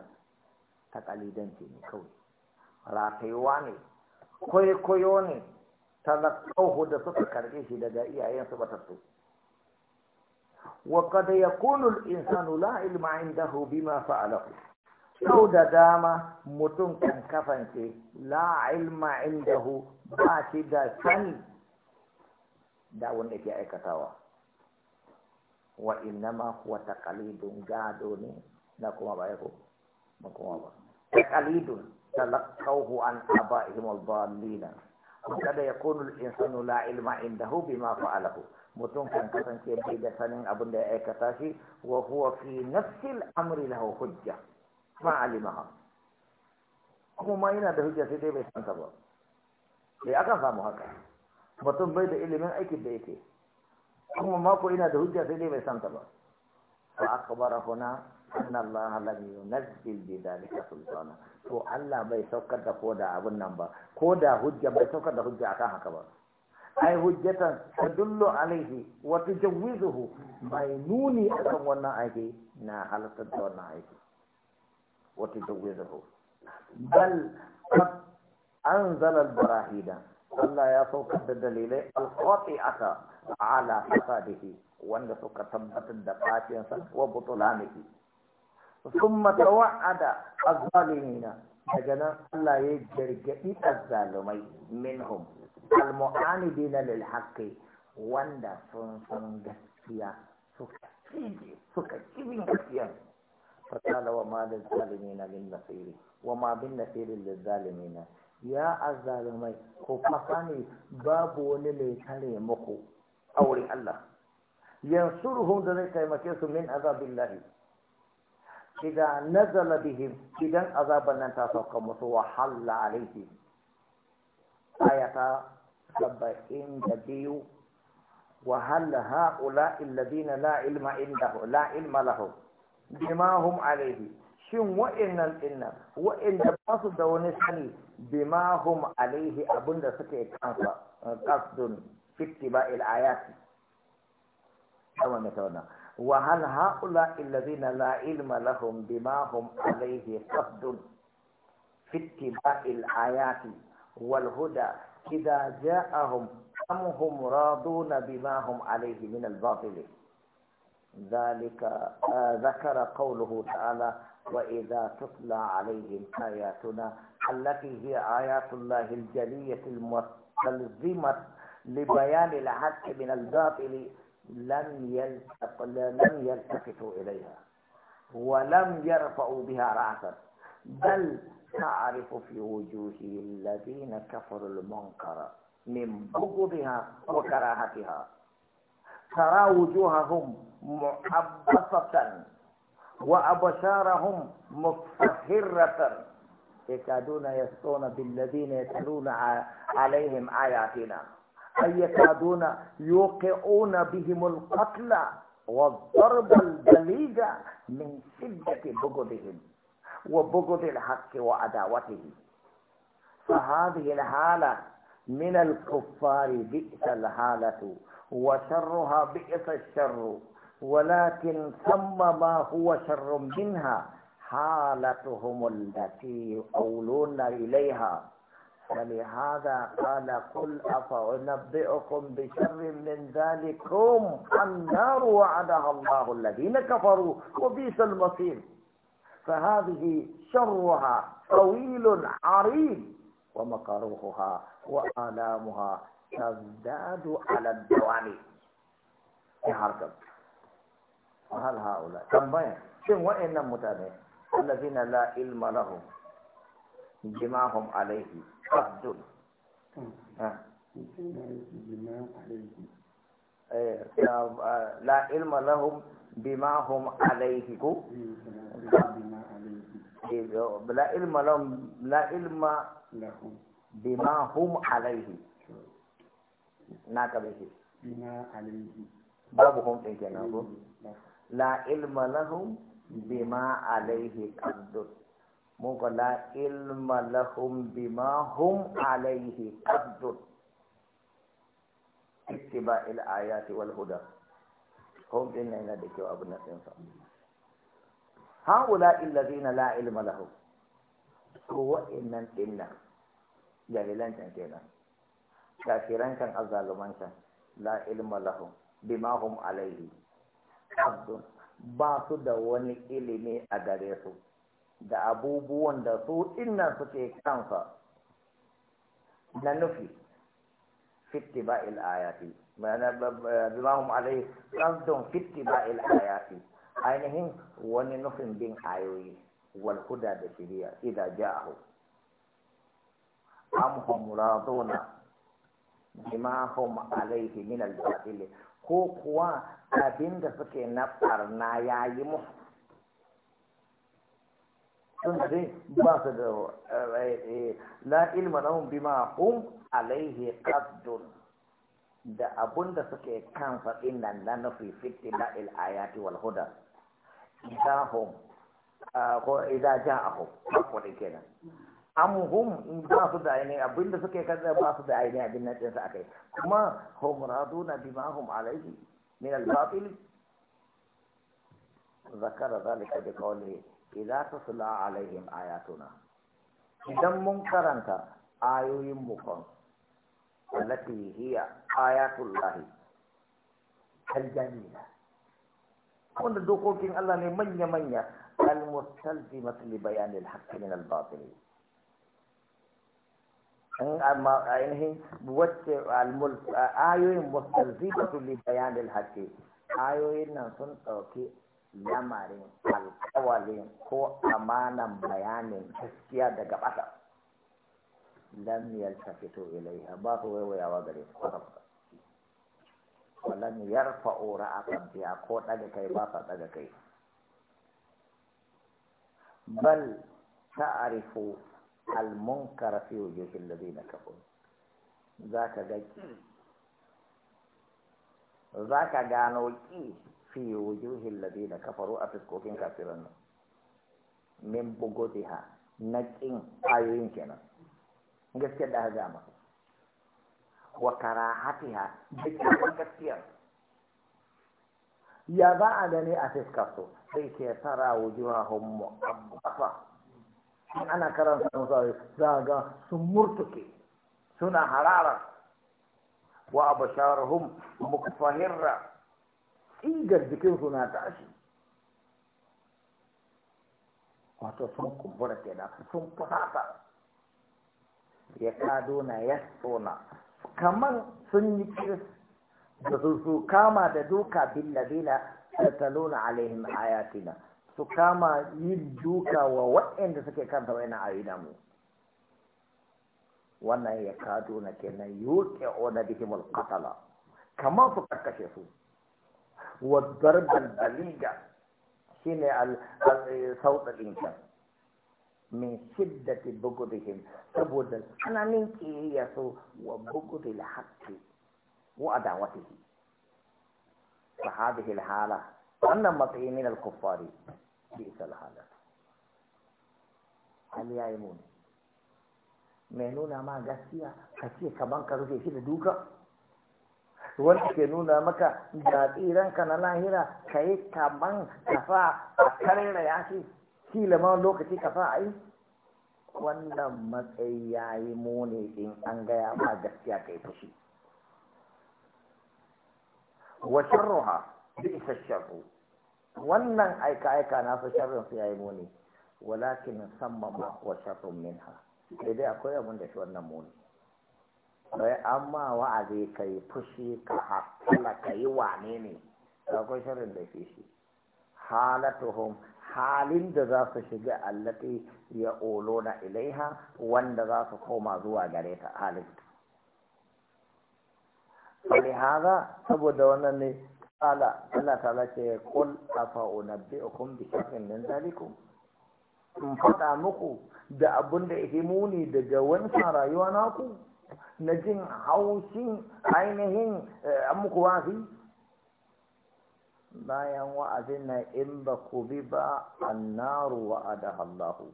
تقليدا كوني ratayuwa ne kwaikwayo ne talakauhu da suka karbe shi daga iyayensu so wa kada ya kunul insanu la ilma indahu bima fa'ala sau da dama mutum kan kafance la ilma indahu ba shi da sani da wanda ke aikatawa wa innama huwa taqalidun gado ne na kuma ba ya ba ba taqalidun تلقوه عن ابائهم الضالين هكذا يكون الانسان لا علم عنده بما فعله متون كان كان كي بيد سنن ابن وهو في نفس الامر له حجه ما علمها هو ما ينا ده حجه سيدي بس انت بقى لي اكا فهمه هكا متون بيد علم اي إيه كي بيك هو ما كو ينا ده حجه سيدي بس انت بقى فاخبر هنا ان الله الذي ينزل بذلك سلطانا to Allah bai saukar da ko da abin nan ba ko da hujja bai saukar da hujja akan haka ba ai hujjatan tadullu alaihi wa tujawwizuhu bai nuni akan wannan aiki na halatar da wannan aiki wa tujawwizuhu bal qad anzala al-barahida Allah ya saukar da dalilai al-qati'ata ala fasadihi wanda suka tabbatar da fatiyansa wa butulanihi ثم توعد الظالمين daga Allah ya gargaɗi azzalumai minhum almu'anidina lil haqqi wanda sun san gaskiya suka cije suka kibin gaskiya fatala wa ma lil na min nasiri wa ma bin ya azalumai ko fasani babu wani mai kare muku auren Allah yansuruhum da zai taimake su min azabillahi إذا نزل بهم إذا أذاب أن sauka وحل عليهم آية سبعين تبيو وهل هؤلاء الذين لا علم عنده لا علم لهم بما هم عليه shin wa'annan dinnan wa'anda ba su da wani sani bima hum alaihi abinda suke kansa qasdun fi ittiba'il وهل هؤلاء الذين لا علم لهم بما هم عليه قصد في اتباع الآيات والهدى إذا جاءهم أم هم راضون بما هم عليه من الباطل ذلك آه، ذكر قوله تعالى وإذا تتلى عليهم آياتنا التي هي آيات الله الجلية المستلزمة لبيان الحق من الباطل لم يلتق لم يلتفتوا إليها ولم يرفعوا بها رأسا بل تعرف في وجوه الذين كفروا المنكر من بغضها وكراهتها ترى وجوههم محبطه وأبشارهم مفهرة يكادون يسطون بالذين يتلون عليهم آياتنا أي يكادون يوقعون بهم القتل والضرب البليغ من شدة بغضهم وبغض الحق وعداوته فهذه الحالة من الكفار بئس الحالة وشرها بئس الشر ولكن ثم ما هو شر منها حالتهم التي يقولون إليها فلهذا قال قل أفأنبئكم بشر من ذلكم النار وعدها الله الذين كفروا وبئس المصير فهذه شرها طويل عريض ومكروهها وآلامها تزداد على الدوام في حركة وهل هؤلاء تنبين كم وإن المتابعين الذين لا علم لهم جماعهم عليه abdul hmm. Ah. Hmm. Eh, eh, la ilma lahum bima hum alaihi ko eh, hum alaihi na ka babu hum din la ilma muka la ilma lahum bima hum alaihi qasdun il ayati wal huda hum din ina da kyau abin nan din sa haula illazina la ilma lahum to wa'annan din nan jahilan can kenan kafiran kan azzaluman kan, la ilma lahum bima hum alaihi qasdun ba su da wani ilimi a gare su da abubuwan da su inna suke kansa na nufi fitti ba ilayati bima hum alai qasdun fitti ba ilayati ainihin wani nufin bin ayoyi wal huda da shiriya ida ja'ahu am hum raduna bima alaihi min al ko kuwa abinda suke na barna yayi musu sun ce ba su da eh, eh, la ilma lahum bima hum alaihi qadun da abun da suke kan faɗin nan na nufi fitti na ayati wal huda idan hum ah, ko idan ko hakuri kenan am hum ba su da ainihin abin da suke kan, ba su da ainihin abin nan ɗinsa akai kuma hum raduna bima hum alaihi min al-batil zakara zalika bi qawlihi idza tusla alaihim ayatuna idan mun karanta ayoyin mu allati hiya ayatullahi aljamila wanda dokokin Allah ne manya manya المستلزمة لبيان الحق من الباطل ainihin wacce ayoyin mustalzibatu li ayoyin nan sun ɗauki lamarin alkawalin ko amanan bayanin gaskiya daga ƙasa lam yalta fito ilaiha ba su waiwayawa gare su kwata walam yarfa fa'ura a biya ko ɗaga kai ba sa ɗaga kai bal ta'rifu al-munkar fi wujuhil ladina kafaru zaka ga Za zaka gano ki fi wujuhil ladina kafaru a fiskokin kafiran nan min bugotiha na kin ayoyin kenan gaskiyar da haza ma. wa karahatiha da kyawun gaskiyar ya za a gani a fiskarsu sai ke tara wujuhahum mu'abbafa in ana karanta musawi za ga sun murtuke suna harara wa abasharhum mukfahirra tsigar su na tashi wato sun kumbura kenan sun fusata ya kado na ya tsona kamar sun yi kiris da su su kama da duka billabila da talona alaihim ayatina su kama yin duka wa waɗanda suke kanta waina a yi mu wannan ya kado na kenan yoke ona bihimul qatala kamar su karkashe su والضرب البليغة شيء صوت الإنسان من شدة بغضهم تبود أنا منك يسوع إيه وبغض الحق ودعوته فهذه الحالة أن مطعي من الكفار بئس الحالة هل يعلمون mai nuna ma gaskiya ka ce ka banka wanda ke nuna maka da tsiranka na lahira ka yi kaman kafa a karera ya shi shi lamar lokaci kafa a yi wannan matsayi ya yi muni in an gaya ma gaskiya ka yi fushi wa roha bi isa sharru wannan aika aika na fi sharrin su ya yi muni walakin musamman ma wa sharrun ha sai dai akwai abin da shi wannan muni bai amma wa'azi ka yi fushi ka hakala ka yi wane ne akwai shirin da ke shi halatuhum halin da za su shiga allati ya olo na ilaiha wanda za su koma zuwa gare ta halin haza saboda wannan ne tsala tana ta ce kun afa unabbi'ukum bi shakkin min zalikum in faɗa muku da abun da yake muni daga wancan rayuwa naku na jin haushin ainihin eh, an muku wasi bayan wa'azin na in ba ku bi ba annaru wa adahallahu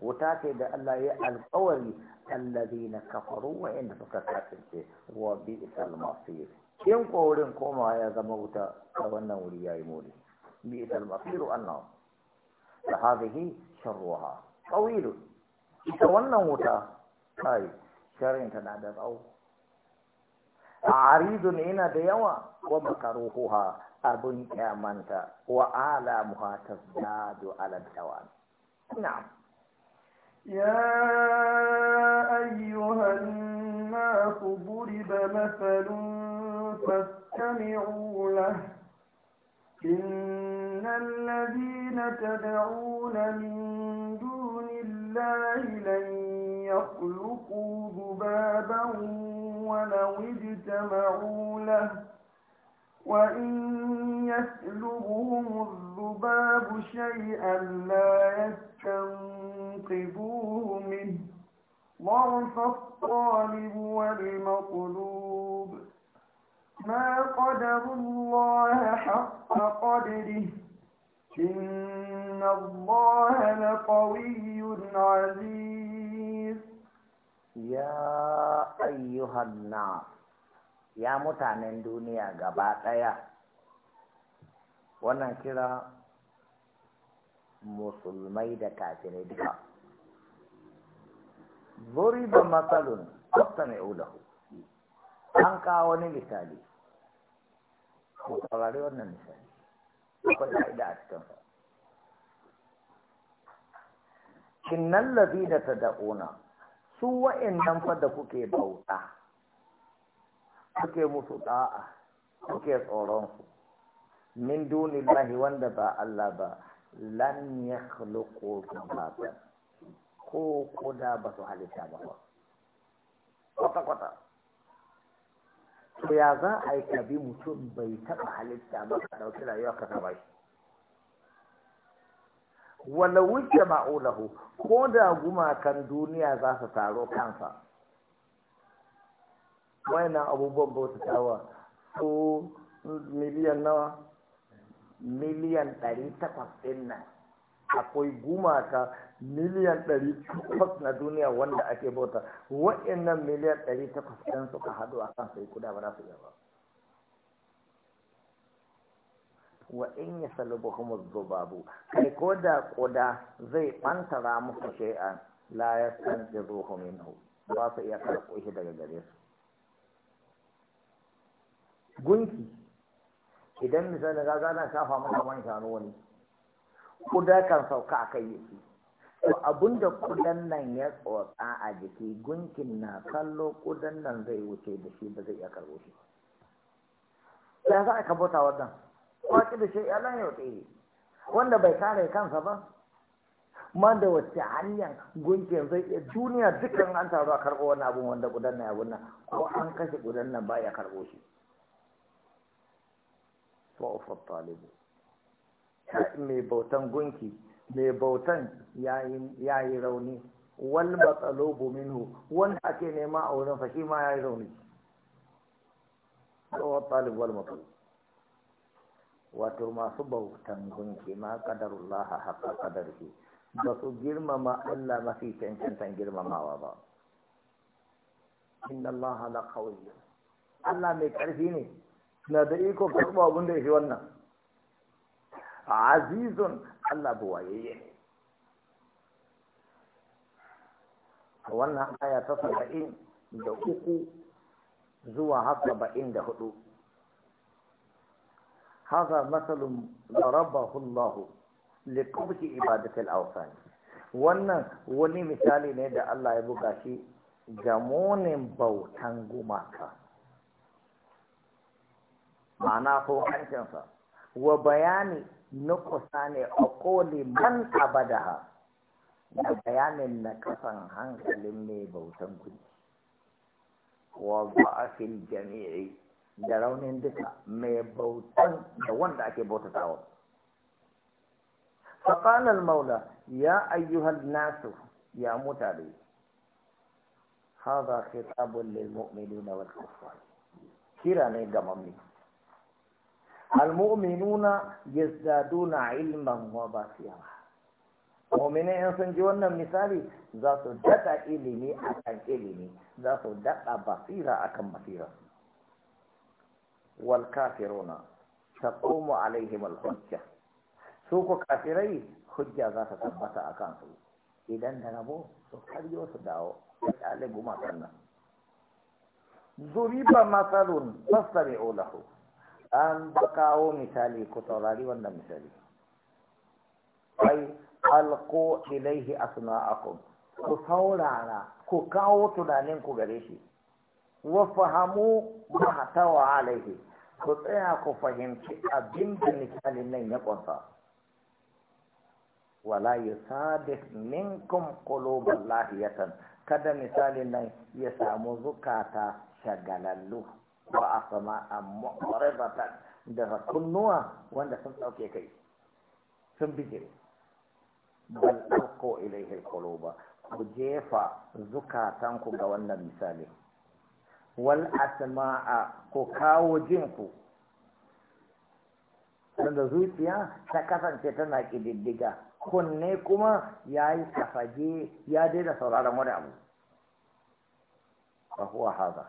wuta ce da Allah ya alkawari allazi na kafaru wa inda suka kasance wa bi isal masir in ko wurin komawa ya zama wuta a wannan wuri ya yi mori bi isal masir annahu fa shan sharruha tawilun ita wannan wuta yi ta na da tsawo a aridun yana da yawa wa makaruhuha abin kyamanta wa alamuha ta zado aladdawa na ya ayyuhan nasu buriba masalun fastami'u lah innal ladina tad'una min duni llahi lan يخلقوا ذبابا ولو اجتمعوا له وإن يسلبهم الذباب شيئا لا يستنقذوه منه ضعف الطالب والمطلوب ما قدر الله حق قدره إن na لقوي عزيز يا Ya الناس يا متعنين دنيا قبات wannan kira musulmai da kafirai duka ضرب مثل فاستمعوا له an kawo wani misali akwai ka'ida a cikin sa kinnan ta da'una su wa'annan fa da kuke bauta kuke musu da'a kuke tsoron su min lahi wanda ba Allah ba lan yakhluqu dhubaba ko koda ba su halitta ba kwata kwata to ya za a yi kabi mutum bai taɓa halitta ba ka ɗauki rayuwa ka taɓa shi wala wuce ma'ulahu ko da gumakan duniya za su taro kansa wayannan abubuwan tawa su miliyan nawa miliyan ɗari takwas ɗin nan akwai gumaka miliyan ɗari takwas na duniya wanda ake bauta wa'annan miliyan ɗari takwas ɗin suka haɗu a kan sai kuda ba za su iya ba wa ya salubu kuma zubabu kai ko da kuda zai ɓantara muku shai'an la ya san da zuhu minhu ba su iya karɓo shi daga gare su gunki idan misali gaza na shafa maka man shanu wani kuda kan sauka a kai yake abun da kudan nan ya tsotsa a jiki gunkin na kallo kudan nan zai wuce da shi ba zai iya karbo shi ya za a bauta wannan kwaci da shi ya lan yau tsere wanda bai kare kansa ba ma da wacce hanyar gunkin zai iya duniya dukkan an taru a karɓo wani abun wanda kudan nan ya nan ko an kashe kudan nan ba ya karɓo shi wa'ufar talibu mai bautan gunki mai bautan ya yi rauni wal matsalobu minhu wanda ake nema a wurin fashi ma ya yi rauni tsawon talib wal matsalobu wato masu bautan gunki ma kadarullah haka kadarki ba su girmama Allah mafi cancantan girmamawa ba inna Allah la qawiyyu Allah mai karfi ne na da iko karɓo abin da yake wannan azizun Allah buwayayye ne wannan aya ta saba'in da uku zuwa har saba'in da hudu haza masalun rabahullahu Allah liqabti ibadati al-awsan wannan wani misali ne da Allah ya buga shi ga munin bautan gumaka ma'ana ko hancinsa wa bayani nukusa ne a koli man abadaha da bayanin na kasan hankalin mai bautan kudi wa ba'afin jami'i da raunin duka mai bautan da wanda ake bautatawa nasu ya mutane haza الناس tsabon متعبي هذا خطاب للمؤمنين kira ne ga ممي almu'minuna yazdaduna ilman wa basira mu'mini ‘yan sun ji wannan misali za su daɗa ilimi a kan ilimi za su daɗa basira a kan basira wal kafiruna taqumu alaihim al hujja su ko kafirai hujja za ta tabbata a kansu idan da rabo su karyo su dawo da ɗalibu masu nan ba masarun fassari olahu an kawo misali ku taurari wannan misali ai alko ilaihi asna'akum ku saurara ku kawo tunanin ku gare shi wa fahamu ma tawa alaihi ku tsaya ku fahimci abin da misalin nan ya kwanta wala yusadif minkum quluban lahiyatan kada misalin nan ya samu zukata shagalallu wa asama amma ta daga kunnuwa wanda sun ɗauke kai sun bijire bal ilai ilaihi quluba ku jefa zukatanku ga wannan misali wal asma'a ko kawo jinku wanda zuciya ta kasance tana ƙididdiga kunne kuma ya yi kafaje ya daina sauraron wani abu ba huwa haza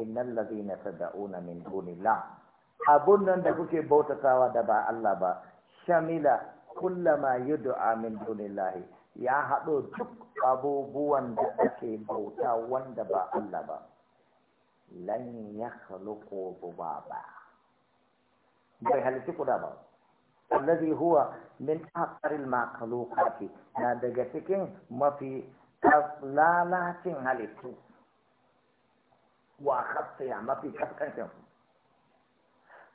innal ladina tad'una min dunillah abun nan da kuke bautatawa da ba Allah ba shamila kullama yud'a min dunillahi ya haɗo duk abubuwan da ake bauta wanda ba Allah ba lan yakhluqu dhubaba bai halitti kuda ba allazi huwa min aqaril makhluqati na daga cikin mafi lalacin halittu wa khassa mafi kaskancin su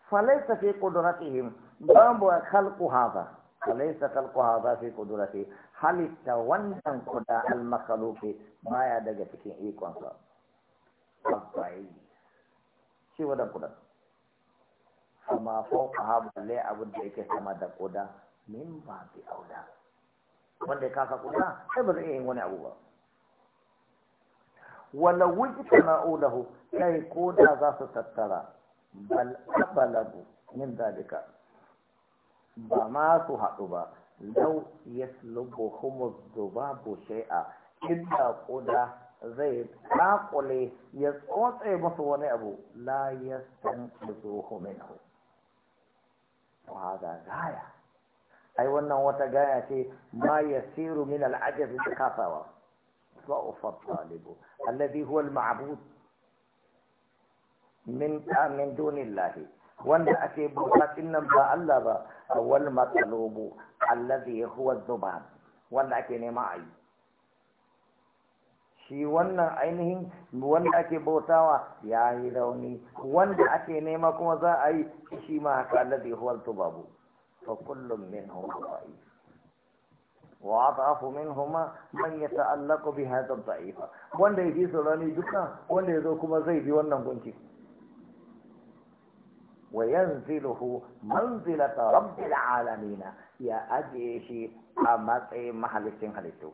falaisa fi qudratihim babu khalqu hadha falaisa khalqu hadha fi qudrati halitta wannan kuda al makhluqi baya daga cikin ikon sa tabbai shi wannan kuda amma fauka ha balle abin da yake sama da kuda min ba bi auda wanda ya kasa kuda sai ba zai iya yin wani abu ba wala wujita na'ulahu kai ko da za su tattara bal abalabu min dalika ba ma su haɗu ba lau ya yaslubuhum dhubabu shay'a ko da zai takule ya tsotse musu wani abu la ya san yastanqizuhu minhu ba hada gaya ai wannan wata gaya ce ma yasiru min al da kasawa ضعف الطالب الذي هو المعبود من من دون الله وان ake bukatun nan ba a yi shi wannan ainihin wanda ake bautawa ya yi rauni wanda ake nema kuma za a yi shi ma haka allazi وَعَطَعَفُ مِنْهُمَا مَنْ يَتَعَلَّقُ بِهَذَا ba? wanda ya ji tsoroni duka wanda ya zo kuma zai bi wannan gunki wa yanziluhu manzilata rabbil alamin ya ajiye shi a matsayin mahalicin halittu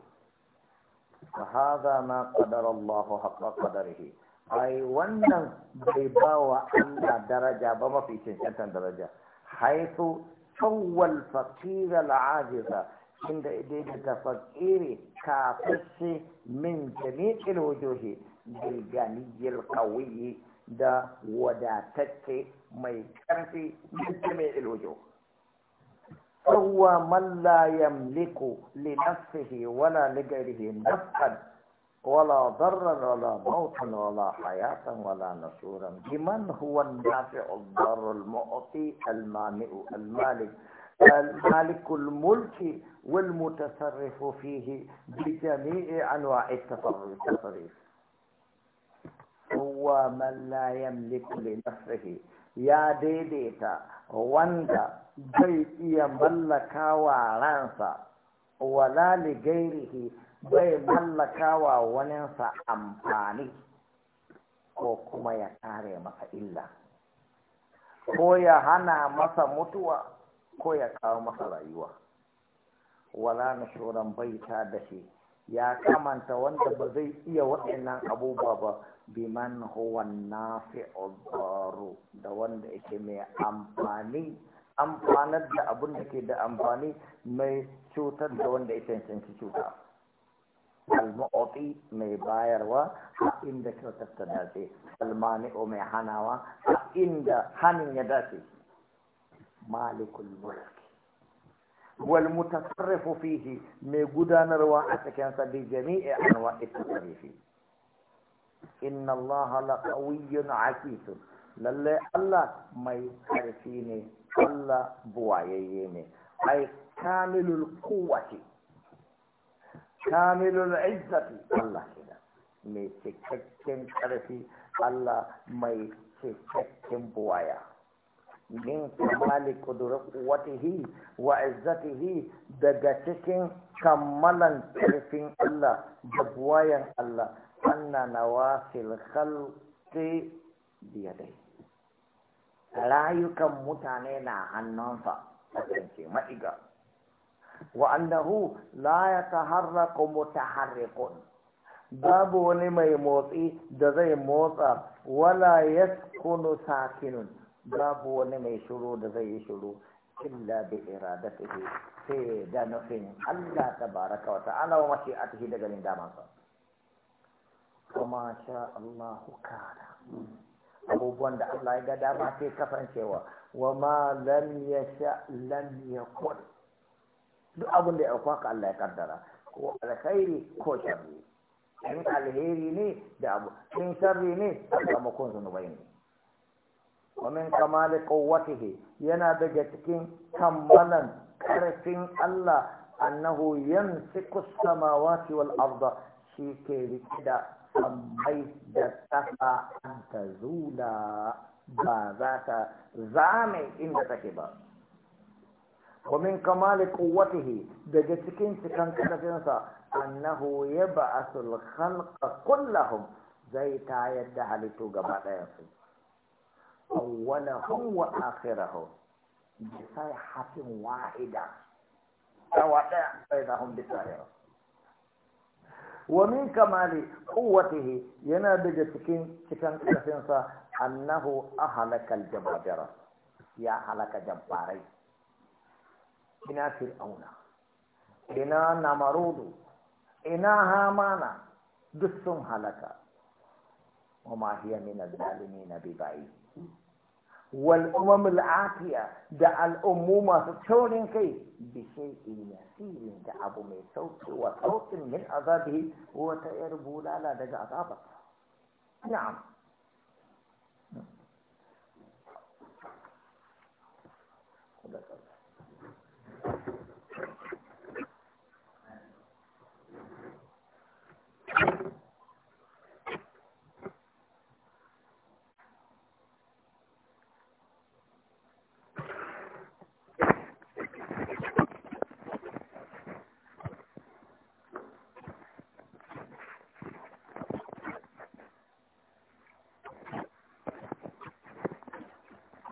wa hadha ma qadara haqqa qadarihi ai wannan bai ba wa Allah daraja ba mafi cancantan daraja haitu tawwal faqira al-ajiza عند إيدينا تصديري كافس من جميع الوجوه بالجاني القوي دا ودا تكي ميكر في من جميع الوجوه هو من لا يملك لنفسه ولا لغيره نفعا ولا ضرا ولا موتا ولا حياة ولا نشورا بمن هو النافع الضر المعطي المانئ المالك مالك الملك والمتصرف فيه بجميع أنواع التصرف هو من لا يملك لنفسه ya daidaita wanda bai iya mallakawa ransa wala li gairihi bai mallakawa waninsa amfani ko kuma ya kare masa illa ko ya hana masa mutuwa ko ya kawo masa rayuwa wala shoran bai ta da shi ya kamanta wanda ba zai iya waɗannan abubuwa ba biman huwa fi daru da wanda yake mai amfani amfanar da abun da ke da amfani mai cutar da wanda ya cancanci cuta al-mu'ti mai bayarwa a inda kyautar ta dace al-mani'u mai hanawa a inda hannun ya dace malikul mulk wal mutasarrifu fihi mai gudanarwa a cikin sa bi jami'i anwa'i tasarrufi inna allaha laqawiyyun aziz lalle allah mai karfi ne allah buwayayye ne ai kamilul quwwati kamilul izzati allah kenan mai cikakken karfi allah mai cikakken buwaya min kamali kudurar watihi wa izzatihi daga cikin kammalan ƙarfin Allah da buwayan Allah anna nawasil khalqi biyadai rayukan mutane na hannunsa a cikin ma'iga wa annahu la yataharraku mutaharrikun babu wani mai motsi da zai motsa wala yaskunu sakinun babu wani mai shiru da zai yi shiru illa bi iradatihi sai da nufin Allah tabaraka wa ta'ala wa a daga nin dama sa kuma sha Allah kana abubuwan da Allah ya ga dama sai kasancewa wa ma lam yasha lam yakun duk abin da ya auka ka Allah ya kaddara ko alkhairi ko sharri in alheri ne da abu in sharri ne sakamakon zunubai ne wa min kamali quwwatihi yana daga cikin kammalan karfin Allah annahu yamsiku samawati wal arda shi ke rike da da ƙasa an ta zula ba za ta zame inda take ba wa min kamali quwwatihi daga cikin cikan karfinsa annahu yab'asul khalqa kullahum zai tayar da halittu gaba ɗayansu awwalahum wa akhirahum bi sayhatin wahida tawada bainahum bi sayha wa min kamali quwwatihi yana daga cikin cikin karfin sa annahu ahlaka al-jababara ya halaka jabarai ina fir'auna ina namarudu ina hamana duk sun halaka wa ma hiya min al-zalimin bi ba'id wal umamul afiya da al'ummu masu taurin kai bi shay'in yasirin da abu mai sauki wa saukin min azabi wata yar bulala daga azaba na'am